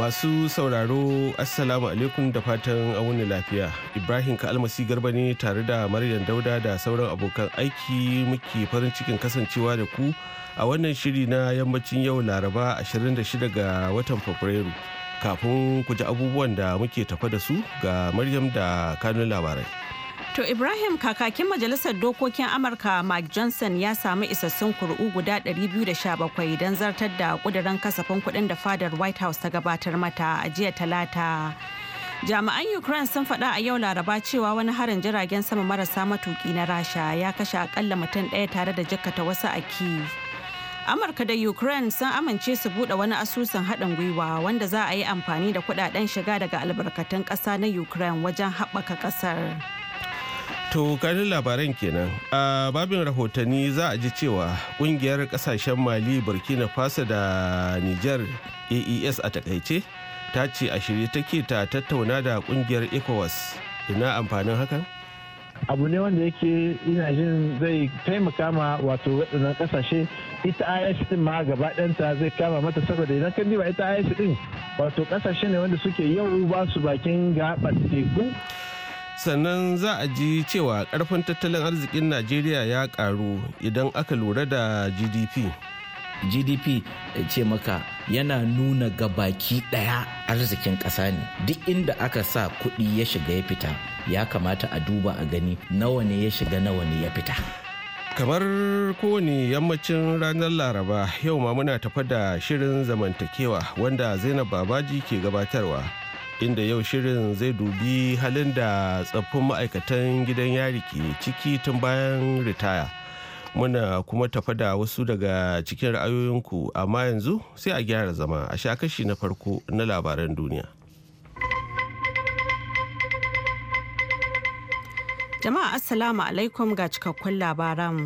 Masu sauraro Assalamu alaikum da fatan wani lafiya. Ibrahim almasi Garba ne tare da Maryam Dauda da sauran abokan aiki muke farin cikin kasancewa da ku a wannan shiri na yammacin yau Laraba 26 ga watan Fabrairu. Kafin ku ji abubuwan da muke tafa da su ga Maryam da kanun labarai. To Ibrahim kakakin Majalisar Dokokin Amurka Mike Johnson ya samu isassun kuri'u guda 217 don zartar da kudirin kasafin kudin da fadar White House ta gabatar mata a jiya talata. Jami'an Ukraine sun faɗa a yau laraba cewa wani harin jiragen sama marasa matuki na Rasha ya kashe akalla mutum ɗaya tare da jikkata wasu a Kyiv. Amurka da Ukraine sun amince su buɗe wani asusun haɗin gwiwa wanda za a yi amfani da kuɗaɗen shiga daga albarkatun ƙasa na Ukraine wajen haɓaka ƙasar. To kanin labaran kenan a babin rahotanni za a ji cewa kungiyar kasashen mali burkina faso da niger aes a e takaice ta ce a shirye take ta tattauna da kungiyar ecowas ina amfanin hakan abu ne wanda yake ina jin zai taimaka ma wato waɗannan ƙasashe ita is e din ma gaba ɗanta zai kama mata saboda idan kan ba ita is e din wato ƙasashe ne wanda suke yau ba su bakin gaɓar teku sannan za a ji cewa karfin tattalin arzikin najeriya ya karu idan aka lura da gdp gdp ce maka yana nuna ga baki daya arzikin ƙasa ne duk inda aka sa kuɗi ya shiga ya fita ya kamata a duba a gani nawa ne ya shiga nawa ne ya fita kamar kowane yammacin ranar laraba yau ma muna tafa da shirin zamantakewa wanda zainab babaji ke gabatarwa inda yau shirin zai dubi halin da tsaffin ma'aikatan gidan yari ke ciki tun bayan ritaya muna kuma tafa da wasu daga cikin ra'ayoyinku amma yanzu sai a gyara zama a sha kashi na farko na labaran duniya jama'a assalamu alaikum ga cikakkun labaran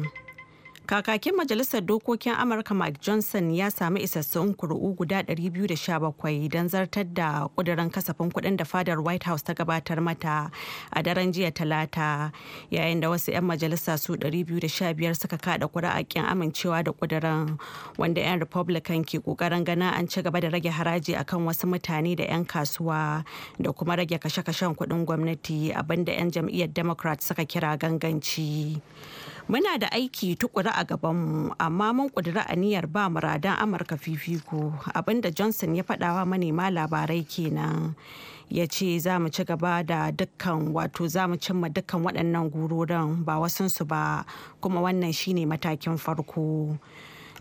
Kakakin Majalisar Dokokin Amurka Mike Johnson ya sami isassun kuri'u guda 217 don zartar da kudirin kasafin kudin da fadar White House ta gabatar mata a daren jiya talata yayin da wasu 'yan majalisa su 215 suka kada kuri'a amincewa da kudirin wanda 'yan Republican ke kokarin gana an ci gaba da rage haraji akan wasu mutane da 'yan kasuwa da kuma rage kashe-kashen kudin gwamnati abinda 'yan jam'iyyar Democrat suka kira ganganci. Muna da aiki tukuri a gabanmu amma mun ƙudiri aniyar ba muradan amurka fifiko abinda johnson ya faɗawa manema labarai kenan ya ce za mu ci gaba da dukkan wato za mu cimma dukkan waɗannan gurorin ba wasansu ba kuma wannan shine matakin farko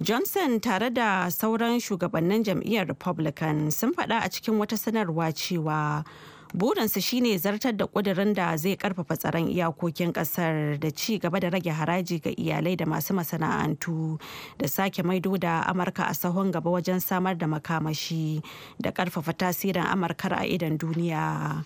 johnson tare da sauran shugabannin jam'iyyar republican sun faɗa a cikin wata sanarwa cewa burinsa shine zartar da kudirin da zai karfafa tsaron iyakokin kasar da ci gaba da rage haraji ga iyalai da masu masana'antu da sake maido da amurka a sahun gaba wajen samar da makamashi da karfafa tasirin amurkar a idon duniya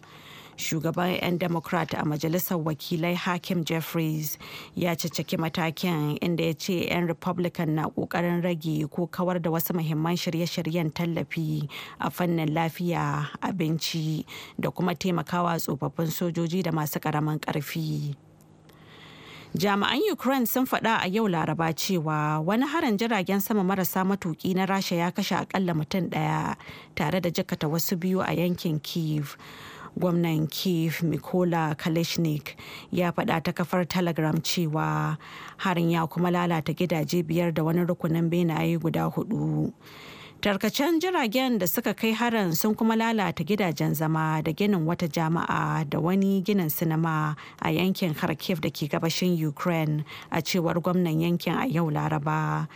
shugaban 'yan democrat a majalisar wakilai hakim jeffries ya caccaki matakin inda ya ce 'yan republican na kokarin rage ko kawar da wasu muhimman shirye-shiryen tallafi a fannin lafiya abinci da kuma taimakawa tsofaffin sojoji da masu karamin karfi. jami'an ukraine sun faɗa a yau laraba cewa wani harin jiragen sama marasa matuki na rasha ya kashe akalla mutum ɗaya tare da jikata wasu biyu a yankin kiev gwamnan kiev mikola kalishnik ya faɗa ta kafar telegram cewa harin ya kuma lalata gidaje biyar da wani rukunin benaye guda hudu tarkacen jiragen da suka kai harin sun kuma lalata gidajen zama da ginin wata jama'a da wani ginin sinima a yankin kharkiv da ke gabashin ukraine a cewar gwamnan yankin a yau laraba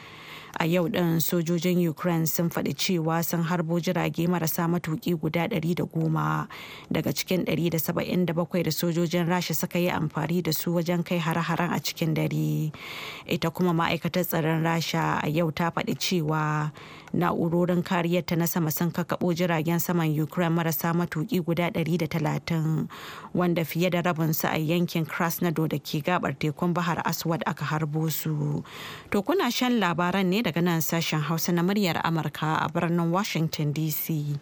a yau ɗin sojojin ukraine sun faɗi cewa sun harbo jirage marasa matuƙi guda 110 daga cikin 177 da sojojin rasha suka yi amfani da su wajen kai har haren a cikin dare ita kuma ma'aikatar tsaron rasha a yau ta faɗi cewa na'urorin kariyarta na sama sun kakaɓo jiragen saman ukraine marasa matuki guda 130 wanda fiye da su a yankin krasnodar da ke gabar tekun bahar aswad aka harbo su to kuna shan labaran ne da daga nan sashen Hausa na muryar Amurka a birnin Washington DC.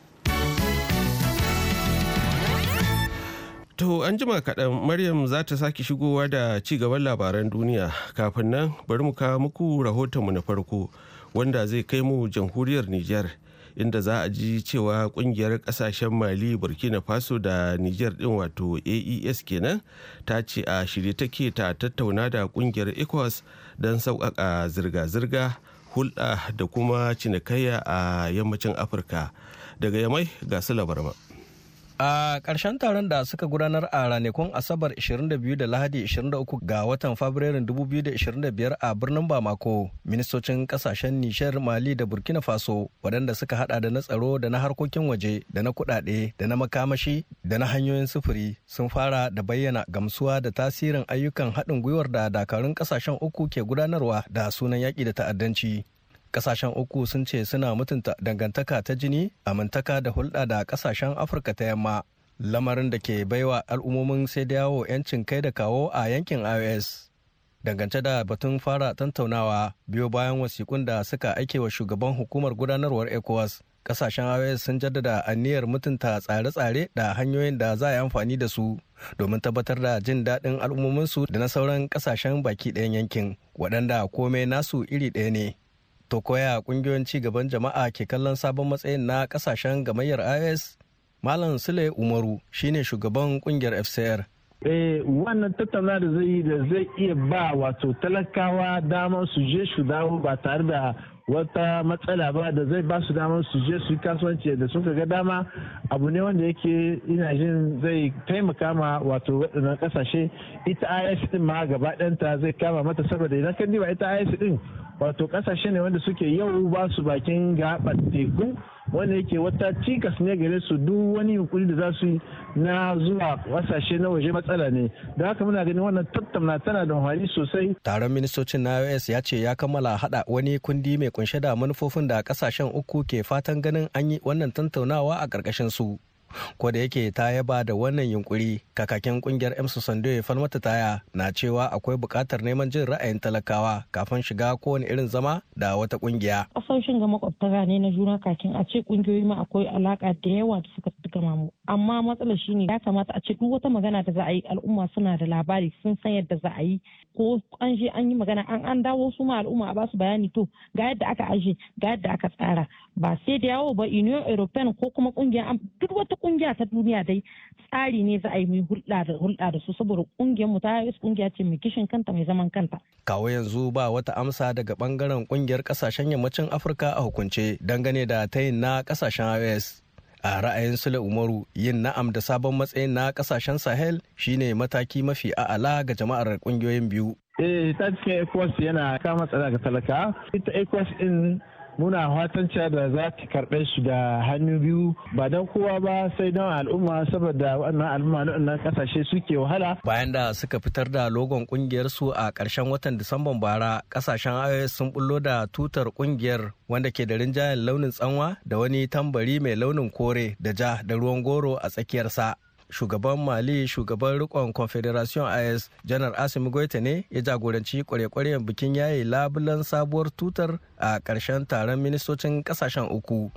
To an jima kaɗan Maryam za ta sake shigowa da ci gaban labaran duniya kafin nan bari mu kawo muku rahotonmu na farko wanda zai kai mu jamhuriyar niger inda za a ji cewa kungiyar ƙasashen Mali Burkina Faso da niger din wato AES kenan ta ce a shirye take ta tattauna da kungiyar ecos don sauƙaƙa zirga-zirga hulɗa da kuma cinikayya a yammacin afirka daga yamai ga su labarma. A ƙarshen taron da suka gudanar a ranakun Asabar 22 da Lahadi 23 ga watan Fabrairun 2025 a birnin Bamako, ministocin ƙasashen Nishar Mali da Burkina Faso, waɗanda suka hada da na tsaro da na harkokin waje da na kuɗaɗe da na makamashi da na hanyoyin sufuri sun fara da bayyana gamsuwa da tasirin ayyukan haɗin gwiwar da dakarun ƙasashen uku ke gudanarwa da sunan yaƙi da ta'addanci. Kasashen uku sun ce suna mutunta dangantaka ta jini, amintaka da hulɗa da kasashen Afirka ta yamma. Lamarin da ke baiwa al'ummomin sai da yawo 'yancin kai da kawo a yankin IOS. Dangance da batun fara tantaunawa biyo bayan wasikun da suka aike wa shugaban hukumar gudanarwar ECOWAS, kasashen IOS sun jaddada aniyar mutunta tsare-tsare da hanyoyin da za a yi amfani da su domin tabbatar da jin daɗin su da na sauran kasashen baki ɗayan yankin waɗanda komai nasu iri ɗaya ne. To koya kungiyoyin ci gaban jama'a ke kallon sabon matsayin na kasashen gamayyar IS? Malam Sule Umaru shine shugaban kungiyar FCR. Eh, wannan tattauna da zai da zai iya ba wato talakawa damar su je su dawo ba tare da wata matsala ba da zai ba su damar su je su kasuwanci da suka ga dama abu ne wanda yake ina jin zai taimaka ma wato waɗannan kasashe ita is din ma gaba ɗanta zai kama mata saboda idan kan diba ita is din wato kasashe ne wanda suke yau ba su bakin gaɓar teku wanda yake wata cikas ne gare su duk wani yunkuri da za su yi na zuwa wasashe na waje matsala ne da haka muna ganin wannan tattauna tana da hali sosai taron ministocin na US ya ce ya kammala hada wani kundi mai kunshe da manufofin da kasashen uku ke fatan ganin an yi wannan tattaunawa a karkashin su ko da yake ta yaba da wannan yunkuri kakakin kungiyar emsu sando ya falmata taya na cewa akwai buƙatar neman jin ra'ayin talakawa kafin shiga kowane irin zama da wata kungiya kasashen ga makwabtaka ne na juna kakin a ce kungiyoyi ma akwai alaka da yawa da suka gama mu amma matsalar shine ya kamata a ce duk wata magana da za a yi al'umma suna da labari sun san yadda za a yi ko an je an yi magana an an dawo su ma al'umma a basu bayani to ga yadda aka aje ga yadda aka tsara ba sai da yawo ba union european ko kuma kungiyar duk wata kungiya ta duniya dai tsari ne za a yi mai hulɗa da su saboda kungiyar mu ta kungiya ce mai kishin kanta mai zaman kanta. Kawo yanzu ba wata amsa daga bangaren ƙungiyar kasashen yammacin Afirka a hukunce dangane da ta yin na kasashen IOS. A ra'ayin Sule Umaru yin na'am da sabon matsayin na kasashen Sahel shine mataki mafi a'ala ga jama'ar kungiyoyin biyu. Eh ta cikin yana kama tsada ga talaka. Ita ECOWAS din muna fatan cewa da za ta karɓe su da hannu biyu ba don kowa ba sai don al'umma saboda wannan al'umma na wannan kasashe suke wahala. Bayan da suka fitar da logon kungiyar su a ƙarshen watan Disamban bara kasashen IOS sun bullo da tutar kungiyar wanda ke da rinjayen launin tsanwa da wani tambari mai launin kore da ja da ruwan goro a tsakiyarsa. shugaban mali shugaban rikon confederation is janar asimi goita ne ya jagoranci kware bikin yaye labulan sabuwar tutar a ƙarshen taron ministocin ƙasashen uku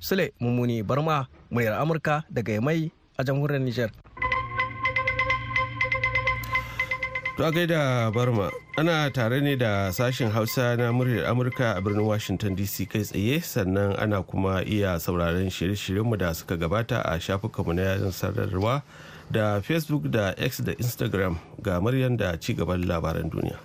sule mummuni barma muryar amurka daga mai a jamhuriyar niger To gaida Barma, ana tare ne da sashen Hausa na muryar Amurka a birnin Washington DC kai tsaye sannan ana kuma iya sauraron shirye-shiryenmu da suka gabata a shafukanmu na yayin sadarwa da Facebook da X da Instagram ga muryar da ci gaban labaran duniya.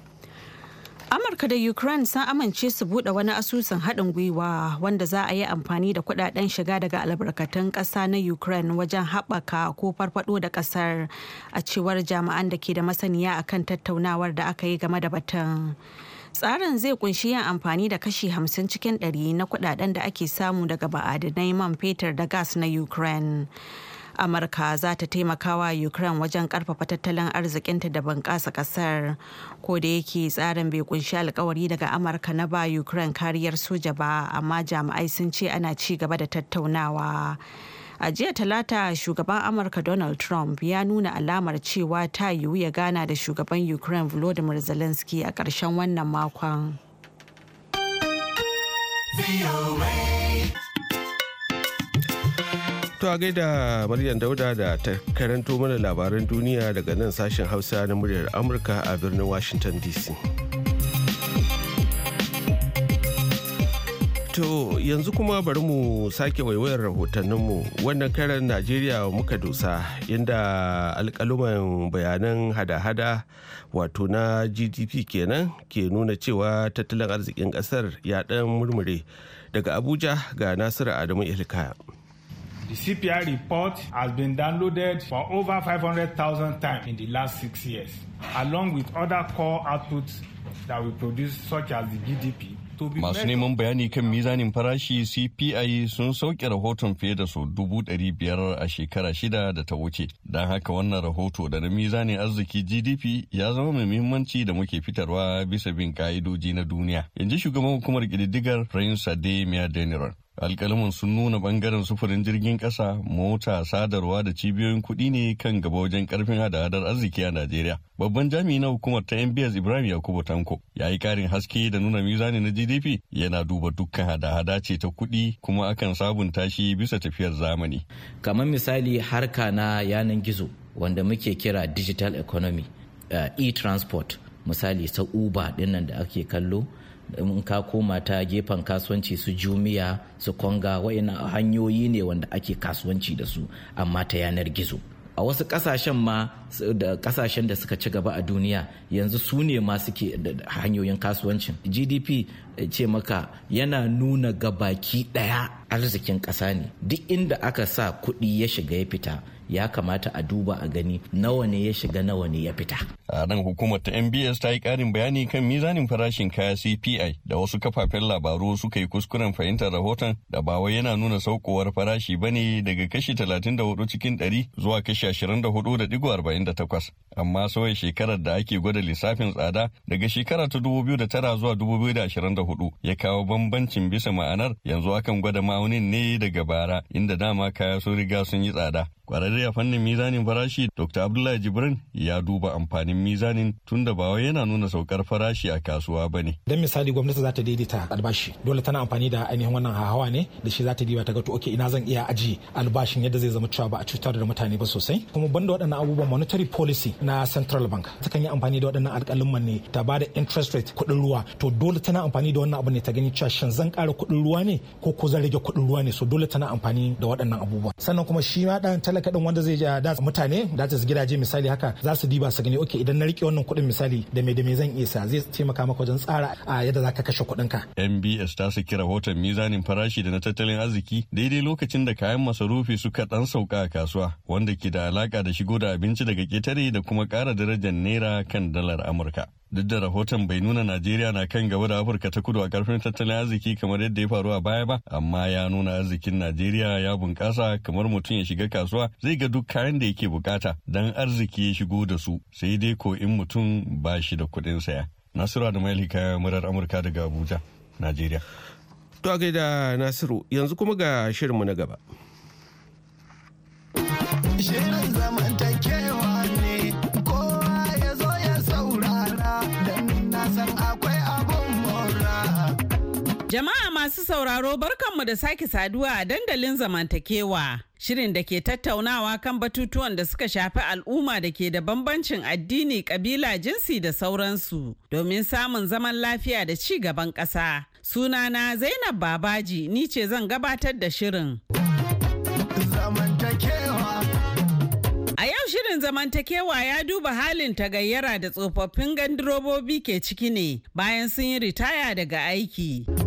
amurka da ukraine sun amince su bude wani asusun haɗin gwiwa wanda za a yi amfani da kudaden shiga daga albarkatun ƙasa na ukraine wajen haɓaka ko farfaɗo da ƙasar a cewar jami'an da ke da masaniya akan tattaunawar da aka yi game da batun tsarin zai kunshi yin amfani da kashi hamsin cikin ɗari na kudaden da ake samu daga ba'adinai man fetur da gas na ukraine amurka za ta taimaka wa ukraine wajen karfafa tattalin arzikinta da bunƙasa ƙasar ko da yake tsarin bai kunshi alkawari daga amurka na ba ukraine kariyar soja ba amma jami'ai sun ce ana ci gaba da tattaunawa a jiya talata shugaban amurka donald trump ya nuna alamar cewa ta yiwu ya gana da shugaban ukraine volodymyr zelensky a ƙarshen wannan makon. To a gaida Maryam Dauda da ta karanto mana labaran duniya daga nan sashen Hausa na muryar Amurka a birnin Washington DC. To yanzu kuma bari mu sake waiwayar rahotanninmu wannan karan Najeriya muka dosa inda alkaluman bayanan hada-hada wato na GDP kenan ke nuna cewa tattalin arzikin ƙasar ya dan murmure daga Abuja ga Nasiru Adamu Ilkaya. The CPI report has been downloaded for over 500,000 times in the last six years, along with other core outputs that we produce, such as the GDP, Masu neman bayani kan mizanin farashi CPI sun sauke rahoton fiye da sau dubu ɗari biyar a shekara shida da ta wuce. Don haka wannan rahoto da na mizanin arziki GDP ya zama mai muhimmanci da muke fitarwa bisa bin ka'idoji na duniya. Yanzu shugaban hukumar ƙididdigar Prince Ademia Deniran. alkalamin sun nuna bangaren sufurin jirgin kasa mota sadarwa da cibiyoyin kuɗi ne kan gaba wajen karfin hada-hadar arziki a najeriya babban jami'i na hukumar ta mbs ibrahim yakubu tanko ya yi karin haske da nuna mizani na gdp yana duba dukkan hada-hada ce ta kuɗi kuma akan sabunta shi bisa tafiyar zamani kamar misali harka na yanan gizo wanda muke kira digital economy uh, e-transport misali ta uber dinnan da ake kallo in ka koma ta gefen kasuwanci su jumiya su konga wa'ina hanyoyi ne wanda ake kasuwanci da su amma ta yanar gizo a wasu kasashen ma da kasashen da suka ci gaba a duniya yanzu su ne ma suke da hanyoyin kasuwancin gdp ce maka yana nuna gabaki daya arzikin ƙasa ne duk inda aka sa kuɗi ya shiga ya fita ya kamata a duba a gani nawa ne ya shiga nawa ne ya fita. A nan hukumar ta MBS ta yi ƙarin bayani kan mizanin farashin kaya CPI da wasu kafafen labaru suka yi kuskuren fahimtar rahoton da ba yana nuna saukowar farashi ba ne daga kashi 34 cikin 100 zuwa kashi 24.48. amma sauya shekarar da ake gwada lissafin tsada daga shekara ta da tara zuwa 2024 ya kawo bambancin bisa ma'anar yanzu akan gwada ma'aunin ne daga bara inda dama kaya sun riga sun yi tsada kwararre a fannin mizanin farashi dr abdullahi jibrin ya duba amfanin mizanin tun da bawa yana nuna saukar farashi a kasuwa ba ne don misali gwamnati za ta daidaita albashi dole tana amfani da ainihin wannan hawa ne da shi za ta diba ta ga to oke ina zan iya aji albashin yadda zai zama cewa ba a cutar da mutane ba sosai kuma banda waɗannan abubuwan monetary policy na central bank ta kan yi amfani da waɗannan alƙalin ne ta ba da interest rate kuɗin ruwa to dole tana amfani da wannan abu ne ta gani cewa shin zan ƙara kuɗin ruwa ne ko ko zan rage kuɗin ruwa ne so dole tana amfani da waɗannan abubuwa sannan kuma shi ma ɗan talaka ɗin wanda zai ja da mutane da su gidaje misali haka za su diba su gani okay idan na rike wannan kuɗin misali da me da me zan isa zai taimaka maka wajen tsara a yadda za ka kashe ka. MBS ta saki rahoton mizanin farashi da na tattalin arziki daidai lokacin da kayan masarufi suka ɗan sauka a kasuwa wanda ke da alaka da shigo da abinci daga ƙetare da kuma kuma ƙara darajar naira kan dalar amurka duk da rahoton bai nuna najeriya na kan gaba da afirka ta kudu a karfin tattalin arziki kamar yadda ya faru a baya ba amma ya nuna arzikin najeriya ya bunƙasa kamar mutum ya shiga kasuwa zai ga duk kayan da yake bukata don arziki ya shigo da su sai dai ko in mutum ba shi da kuɗin saya nasiru da mail murar amurka daga abuja najeriya to a gaida nasiru yanzu kuma ga shirinmu na gaba masu sauraro barkanmu da sake saduwa a dandalin zamantakewa. Shirin da ke tattaunawa kan batutuwan da suka shafi al'umma da ke da bambancin addini, kabila, jinsi da sauransu domin samun zaman lafiya da ci gaban ƙasa. Sunana Zainab Babaji ni ce zan gabatar da shirin. A yau shirin zamantakewa ya duba halin tagayyara da tsofaffin gandurobobi ke ciki ne bayan sun yi ritaya daga aiki.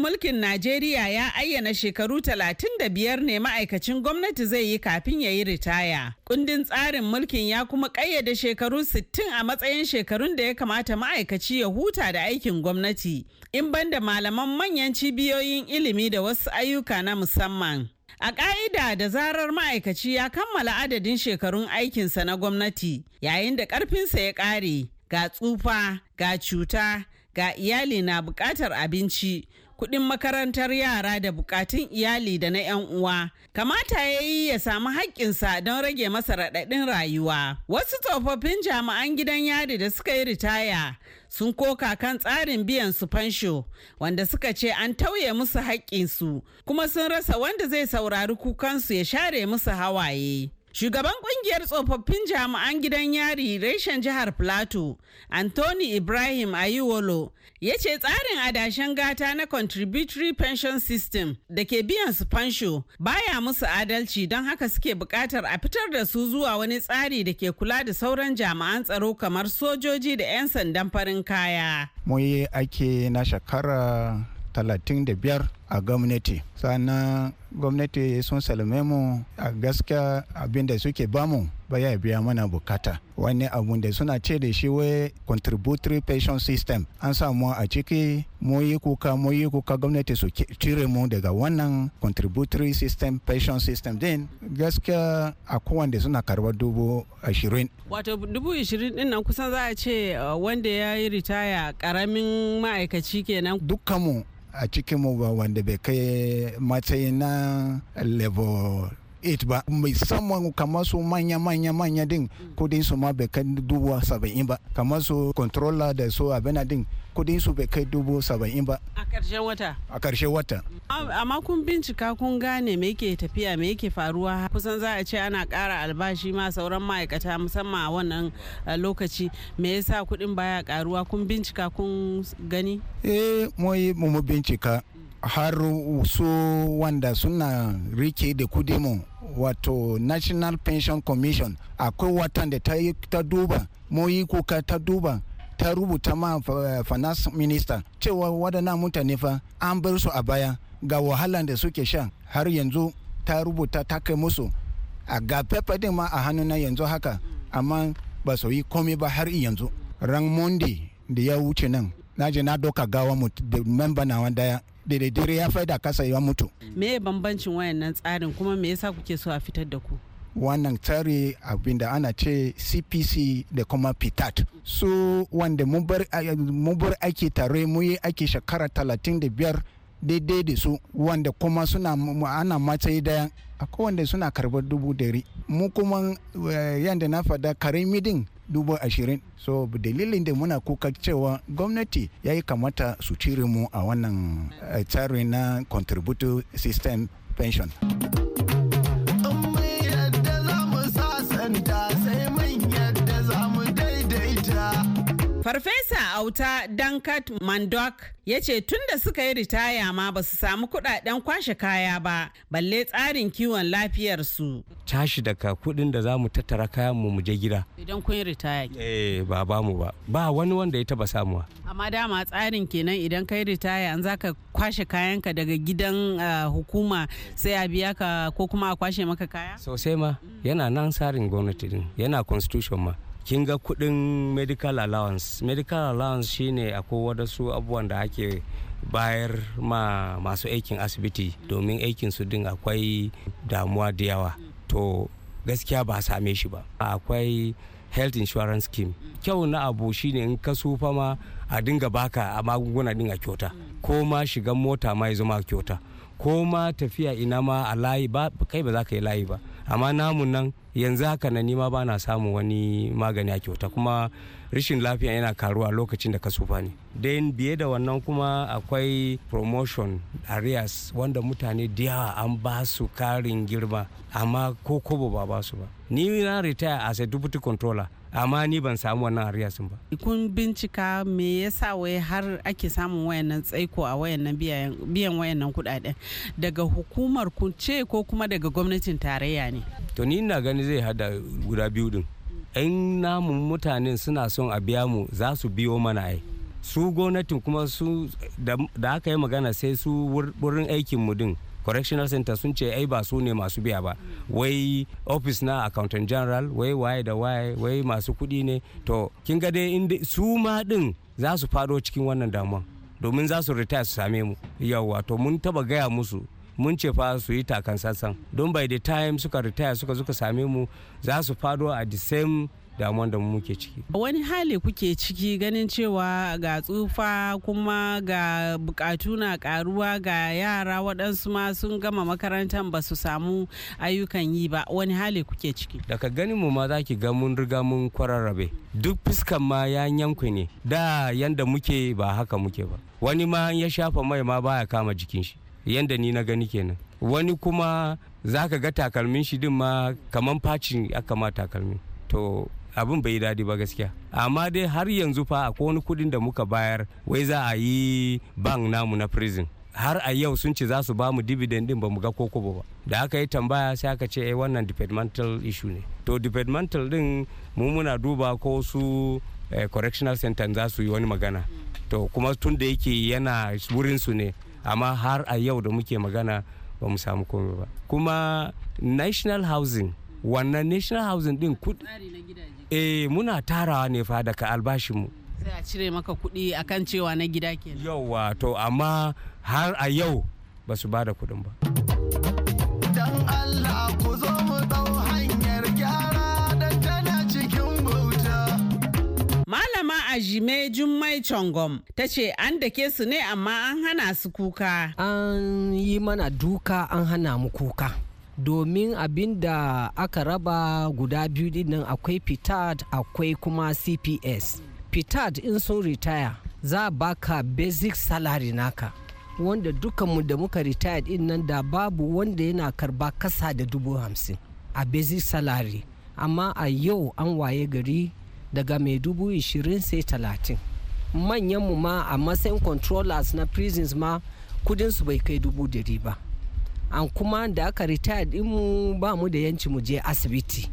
mulkin Najeriya ya ayyana shekaru 35 ne ma'aikacin gwamnati zai yi kafin ya yi ritaya. Kundin tsarin mulkin ya kuma ƙayyade shekaru 60 a matsayin shekarun da ya kamata ma'aikaci ya huta da aikin gwamnati, in banda malaman manyan cibiyoyin ilimi da wasu ayyuka na musamman. A ƙa'ida da zarar ma'aikaci ya kammala adadin shekarun aikinsa na gwamnati yayin da ƙarfinsa ya ƙare, ga tsufa, ga cuta, ga iyali na buƙatar abinci kuɗin makarantar yara da bukatun iyali da na 'yan uwa. Kamata ya yi ya samu haƙƙinsa don rage masa raɗaɗin rayuwa. Wasu tsofaffin jami'an gidan yari da suka yi ritaya sun koka kan tsarin biyan su fansho wanda suka ce an tauye musu haƙƙinsu kuma sun rasa wanda zai saurari kukansu ya share musu hawaye. Shugaban kungiyar tsofaffin jami'an gidan yari reshen jihar Plateau, Anthony Ibrahim Ayiwolo, ya ce tsarin adashen gata na Contributory Pension System da ke biyan su fansho baya musu adalci don haka suke buƙatar a fitar da su zuwa wani tsari da ke kula da sauran jami'an tsaro kamar sojoji da 'yan sandan farin kaya. Mu yi ake na shekara 35 a gwamnati sannan gwamnati sun salme mu a gaskiya abin da suke bamu ba ya biya mana bukata wani abu da suna ce da shi wai contributory pension system an samu a ciki mu yi kuka mu yi kuka gwamnati su cire mu daga wannan contributory system pension system din gaskiya a kowanne suna karbar dubu ashirin wato dubu ashirin din nan kusan za a ce uh, wanda ya yi ritaya karamin ma'aikaci kenan dukkanmu a cikinmu ba wanda bai kai matsayin na level 8 ba musamman kamar su manya manya manya din kudin su ma bai kai dubu saba'in ba kamar su controller da su abin din kudin su bai kai dubu saba'in ba a karshe wata a karshe wata amma kun bincika kun gane me yake tafiya me yake faruwa kusan za a ce ana ƙara albashi ma sauran ma'aikata musamman a wannan eh, lokaci me yasa kudin baya karuwa kun bincika kun gani eh mu mu bincika har su wanda suna rike da mu. wato national pension commission akwai watan da ta duba moyi kuka ta duba ta rubuta ma finance minister cewa waɗannan mutane fa an bar su a baya ga wahalan da suke sha har yanzu ta rubuta ta kai musu a ga din ma a hannuna yanzu haka amma ba su yi komai ba har yanzu ran monday da ya wuce nan na je na doka gawa memba na daya daidai ya faida kasa ya mutu me bambancin wayannan tsarin kuma me yasa kuke so a fitar da ku wannan tsari abinda ana ce cpc da kuma pitat su wanda mun bar aiki tare mu yi aiki shekara biyar daidai da su wanda kuma suna ana matsayi daya akwai wanda suna karbar dubu dari mu kuma eh, yadda na fada karimidin dubu ashirin so dalilin da muna kuka cewa gwamnati ya yi kamata su cire mu a wannan eh, tsari na yadda system pension Farfesa auta Dankat Mandok ya ce tun da suka yi ritaya ma ba su samu kudaden kwashe kaya ba balle tsarin kiwon lafiyarsu. Tashi daga kudin da za mu tattara kayan mu mu je gida. Idan kun yi ritaya ke. Eh ba ba mu ba. Ba wani wanda ya taba samuwa. Amma dama tsarin kenan idan ka yi ritaya an za ka kwashe kayanka daga gidan ah, hukuma sai a biya ka ko kuma a kwashe maka kaya? Sosai ma mm. yana nan tsarin gwamnati din yana constitution ma. kin ga kudin medical allowance medical allowance shine akwai wadansu abubuwan da ake bayar ma masu aikin asibiti domin aikin su din akwai damuwa da yawa to gaskiya ba same shi ba akwai health insurance scheme kyau na abu shine in ka sufa ma a dinga baka a magunguna din a kyauta ko ma shigan mota ma ya zama kyauta ko ma tafiya ina ma a layi ba kai ba za ka yi layi ba amma namun nan yanzu haka na nima ba na samun wani magani a kyauta kuma rashin lafiya yana karuwa lokacin da ka sufa ne den biye da wannan kuma akwai promotion areas wanda mutane da yawa an ba su karin girma amma ko kobo ba ba su ba ni na retire as a deputy controller amma ni ban samu wannan sun ba kun bincika me yasa wai har ake samun wayannan tsaiko a wayannan biyan wayannan kudaden daga hukumar ku ce ko kuma daga gwamnatin tarayya ne to ni na gani zai hada guda biyu din in namun mutanen suna son a biya mu za su biyo mana ai su gwamnatin kuma su da aka yi magana sai su wurin aikin mu din correctional center sun ce ai ba su ne masu biya ba wai office na accountant general wai waye da waye wai masu kuɗi ne to kin ga dai su ma din za su fado cikin wannan damuwa domin za su retire su same mu yawa to mun taba gaya musu mun ce fa su yi takan sassan don by the time suka retire suka suka same mu za su fado a the same damuwan da muke ciki. Wani hali kuke ciki ganin cewa ga tsufa kuma ga bukatu na karuwa ga yara waɗansu ma sun gama makarantar ba su samu ayyukan yi ba wani hali kuke ciki. Daga ganin mu ma za ki ga mun riga mun kwararrabe duk fuskan ma ya yanku ne da yanda muke ba haka muke ba wani ma ya shafa mai ma baya kama jikin shi yanda ni na gani kenan wani kuma zaka ga takalmin shi din ma kaman facin ya kama takalmin to abin bai daɗi ba gaskiya amma dai har yanzu fa akwai wani kuɗin da muka bayar wai za a yi bank namu na prison har a yau sun ce za su ba mu dividend din ba mu ga koko ba da aka yi tambaya sai aka ce eh wannan departmental issue ne to departmental din mu muna duba ko su eh, correctional center za su yi wani magana to kuma tun da yake yana wurin su ne amma har a yau da muke magana ba mu samu komai ba kuma national housing wannan national housing din kudi eh muna tarawa ne fa daga mu. sai a cire maka kuɗi akan cewa na gida ke yauwa to amma har a yau ba su ba da kuɗin ba dan Allah ku mu dau hanyar gyara da tana cikin bauta malama ajime jummai chongom ta ce an dake su ne amma an hana su kuka an yi mana duka an hana mu kuka domin abin da aka raba guda biyu dinnan akwai pitad akwai kuma cps pitad in sun ritaya za a baka basic salary naka wanda dukanmu da muka ritaya din nan da babu wanda yana karba kasa da dubu hamsin a basic salary amma a yau an waye gari daga mai dubu ishirin sai talatin manyanmu ma a matsayin controllers na prisons ma kudinsu bai kai dubu dari ba an kuma da aka ritaya dinmu ba mu da yanci mu je asibiti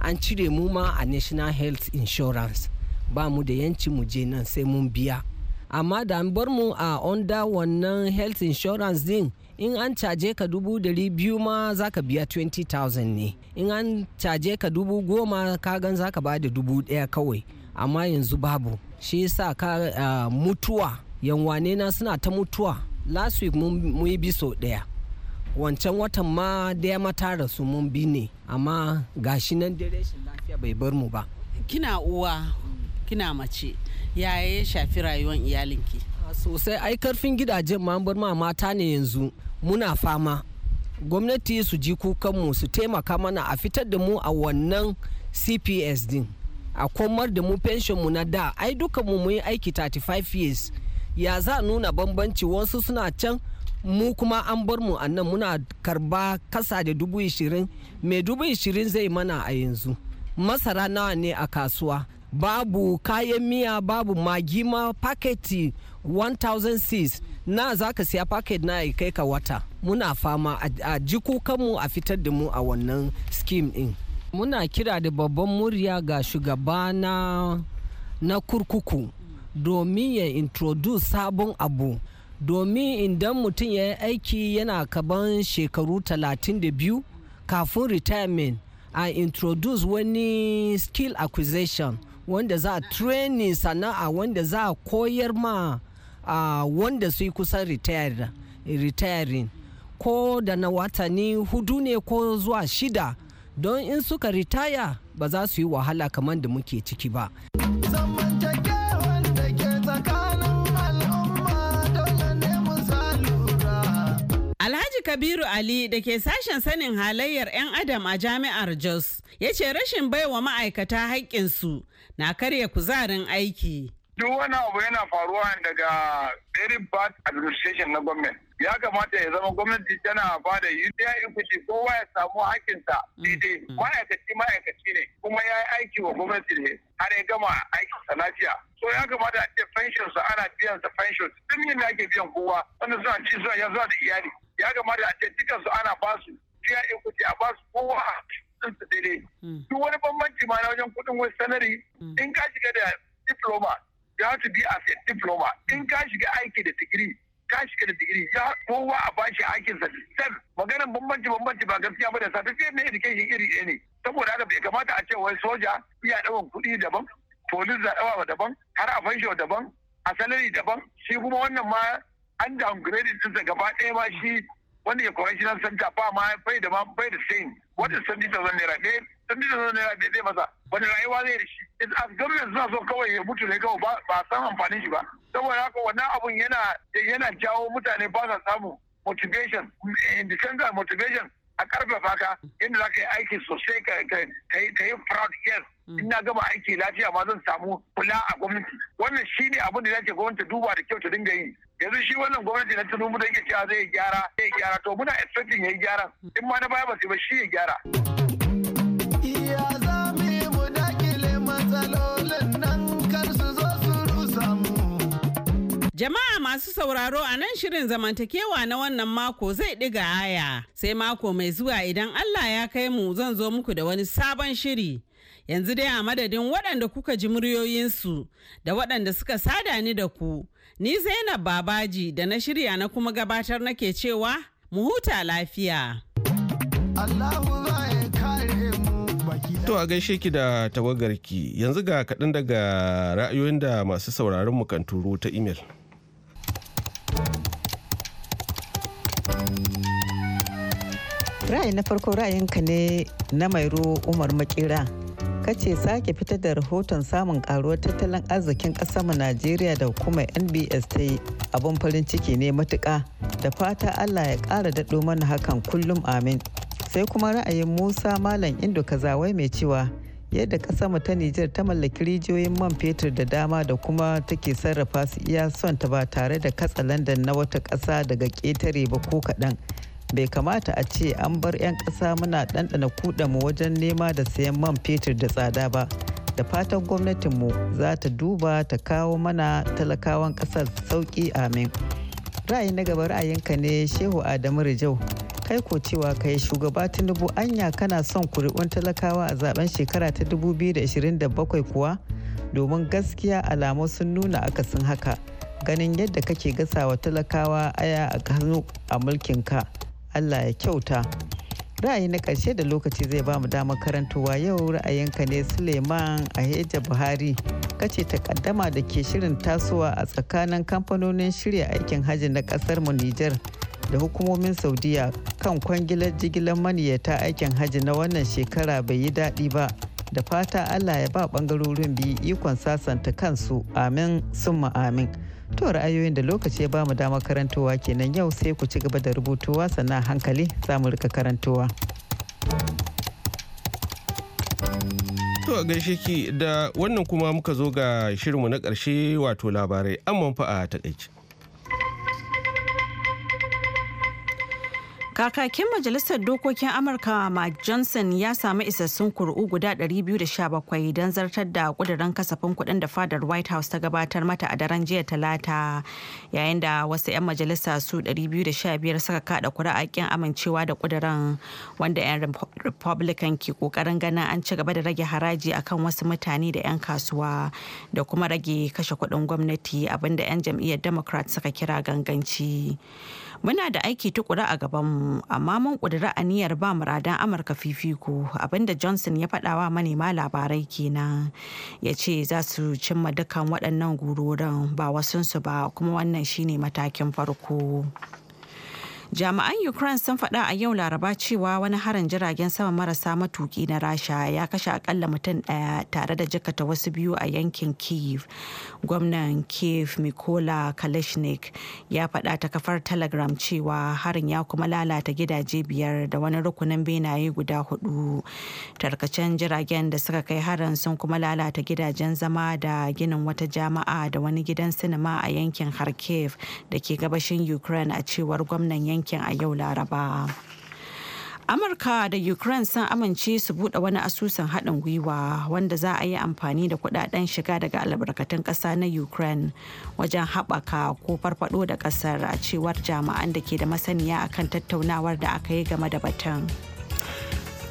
an cire mu ma a national health insurance ba mu da yanci mu je nan sai mun biya amma da an bar mu a under wannan health insurance din in an caje ka dubu dari biyu ma za ka biya 20,000 ne in an caje ka dubu goma kagan za ka bada dubu daya kawai amma yanzu babu shi yasa ka uh, mutuwa yanwane na suna ta mutuwa last week mun yi biso daya wancan watan ma da ya mata rasu mun bi ne amma gashi nan dai rashin lafiya bai bar mu ba kina uwa kina mace ya ya shafi rayuwar iyalinki ah, sosai ai karfin gidajen ma bar ma mata ne yanzu muna fama gwamnati su ji kukanmu su taimaka mana a fitar da mu a wannan cps din a komar da mu pension mu na da ai duka mu mun yi aiki 35 years ya za nuna bambanci wasu suna can mu kuma an bar mu annan muna karba kasa da dubu ishirin mai dubu ishirin zai mana a yanzu masara nawa ne a kasuwa babu kayan miya babu magi ma paketi 1006 na za ka siya paket na ya kai ka wata muna fama a kukanmu a fitar da mu a wannan scheme din muna kira da babban murya ga shugaba na kurkuku domin ya introduce sabon abu domin idan mutum ya yi aiki yana kaban shekaru 32 kafin retirement a introduce wani skill acquisition wanda za a training sana'a wanda za a koyar ma a wanda su yi kusan retiring ko da na watanni hudu ne ko zuwa shida don in suka retire ba za su yi wahala kamar da muke ciki ba. Kabiru Ali da ke sashen sanin halayyar 'yan Adam a jami'ar Jos ya ce rashin baiwa ma'aikata haƙƙinsu na karya kuzarin aiki. Duk wani abu yana faruwa daga very bad administration na gwamnati. Ya kamata ya zama gwamnati tana ba da yi ikuti kowa ya samu haƙƙinsa daidai. Mm, mm. Ma'aikaci ma'aikaci ne kuma ya yi aiki wa gwamnati ne har ya gama aikinsa lafiya. so ya kamata a ce pension su ana biyan sa pension yin da ake biyan kowa wanda suna ci suna zuwa da iyali ya kamata a ce su ana ba su fiya ikuti a ba su kowa sun su daidai hmm. duk wani bambanci ma na wajen kudin wani sanari hmm. in ka shiga da diploma ya have to be as a diploma in ka shiga aiki da digiri ka shiga da digiri ya kowa a bashi aikin sa sam maganar bambanci bambanci ba gaskiya ba da certificate na education iri ɗaya ne saboda haka bai kamata a ce wai soja iya ɗaukan kuɗi daban polis da dawa daban har a fansho daban a salari daban shi kuma wannan ma an downgrade din sa gaba ɗaya ma shi wanda ya correctional center ba ma bai da bai da same wanda zan naira ɗaya zan naira ɗaya masa wani rayuwa zai da shi as government suna so kawai ya mutu ne kawai ba san amfanin shi ba saboda haka wannan abun yana yana jawo mutane ba sa samu motivation in the sense of motivation a karfafa ka inda za ka yi aiki sosai ka yi proud yes hmm. in na gama aiki lafiya ma zan samu kula a gwamnati wannan shi ne abin da ya ce gwamnati duba da kyau ta dinga yi yanzu shi wannan gwamnati na mu da yake cewa zai gyara zai gyara to muna expecting ya gyara in ma na baya ba sai ba shi ya gyara Jama'a masu sauraro a nan shirin zamantakewa na wannan mako zai ɗiga aya sai mako mai zuwa idan Allah ya kai mu zan zo muku da wani sabon shiri. Yanzu dai a madadin waɗanda kuka ji muryoyinsu da waɗanda suka sada ni da ku. Ni Zainab Babaji da na shirya na kuma gabatar nake cewa mu huta lafiya. To a gaishe ki da tawagarki yanzu ga kaɗan daga ra'ayoyin da masu sauraron mu kan turo ta imel. Ra'ayi na farko ra'ayinka ne na Mairo Umar Makera. kace sake fitar da rahoton samun karuwar tattalin arzikin mu najeriya da hukumar nbs ta yi abin farin ciki ne matuƙa da fata allah ya ƙara daɗo mana hakan kullum amin sai kuma ra'ayin musa malam indo kazawai mai cewa yadda mu ta nijar ta mallaki rijiyoyin man fetur da dama da kuma take sarrafa su iya son ta ba tare da katsalandan na wata ƙasa daga ƙetare ba ko kaɗan bai kamata a ce an bar 'yan ƙasa muna ɗanɗana mu wajen nema da sayan man fetur da tsada ba da fatan gwamnatinmu za ta duba ta kawo mana talakawan ƙasar sauƙi amin ra'ayi na gaba ra'ayinka ne shehu adamu rijau kai ko cewa kai shugaba tinubu anya kana son kuri'un talakawa a zaben shekara ta 2027 kuwa domin gaskiya alamu sun nuna akasin haka ganin yadda kake gasawa talakawa aya a hannu a mulkinka Allah ya kyauta. Ra'ayi na ƙarshe da lokaci zai ba mu damar karantowa yau ra'ayinka ne Suleiman Aheja Buhari. Kace takaddama da ke shirin tasowa a tsakanin kamfanonin shirya aikin hajji na ƙasar mu Nijar da hukumomin Saudiya kan kwangilar jigilar maniyyata aikin hajji na wannan shekara bai yi daɗi ba. Da fata Allah ya ba ɓangarorin biyu ikon sasanta kansu amin summa amin. To ra'ayoyin da lokaci ya bamu damar karantowa kenan yau sai ku ci gaba da rubutuwa sannan hankali za mu rika karantowa. To a gaishe ki da wannan kuma muka zo ga shirinmu na ƙarshe wato labarai an fa a takaici. Kakakin Majalisar Dokokin Amurka Mark Johnson ya samu isassun kuri'u guda 217 don zartar da kudirin kasafin kuɗin da fadar White House ta gabatar mata a daren jiya talata yayin da wasu 'yan majalisa su 215 suka kada kuri'a kin amincewa da kudirin wanda 'yan Republican ke kokarin ganin an ci gaba da rage haraji akan wasu mutane da 'yan kasuwa da kuma rage kashe kudin gwamnati abinda 'yan jam'iyyar Democrat suka kira ganganci. muna da aiki tukura a gabanmu amma mun ƙudiri aniyar ba muradan amurka fifiko abinda johnson ya faɗawa manema labarai kenan ya ce za su cimma dukkan waɗannan gurorin ba wasunsu ba kuma wannan shine matakin farko Jami'an Ukraine sun faɗa a yau Laraba cewa wani harin jiragen sama marasa matuki na Rasha ya kashe akalla mutum ɗaya tare da jikata wasu biyu a yankin Kyiv. Gwamnan kiev Mikola Kalashnik ya faɗa ta kafar Telegram cewa harin ya kuma lalata gidaje biyar da wani rukunin benaye guda hudu. Tarkacen jiragen da suka kai harin sun kuma lalata gidajen zama da ginin wata jama'a da wani gidan sinima a yankin Kharkiv da ke gabashin Ukraine a cewar gwamnan yankin yankin a yau laraba amurka da ukraine sun amince su bude wani asusun haɗin gwiwa wanda za a yi amfani da kudaden shiga daga albarkatun ƙasa na ukraine wajen haɓaka ko farfaɗo da ƙasar a cewar jami'an da ke da masaniya akan tattaunawar da aka yi game da batun.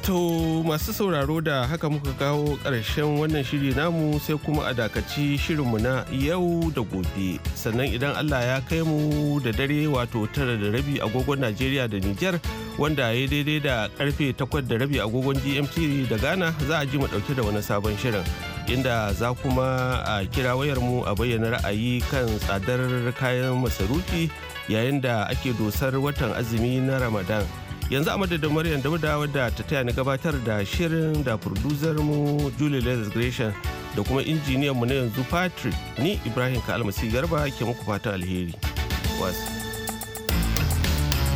To masu sauraro da haka muka kawo ƙarshen wannan shiri namu sai kuma a dakaci shirinmu na yau da gobe. Sannan idan Allah ya kai mu da dare wato tara da rabi agogon Najeriya da Niger wanda ya daidai da karfe takwas da rabi agogon GMT da Ghana za a ji mu ɗauke da wani sabon shirin. Inda za kuma a kira wayarmu a bayyana ra'ayi kan tsadar kayan masarufi yayin da ake dosar watan azumi na Ramadan. yanzu a da maryam dauda wadda ta taya ni gabatar da shirin da producer mu julie lezis gresham da kuma injiniyan mu na yanzu patrick ni ibrahim kalmasi garba ke muku fatan alheri wasu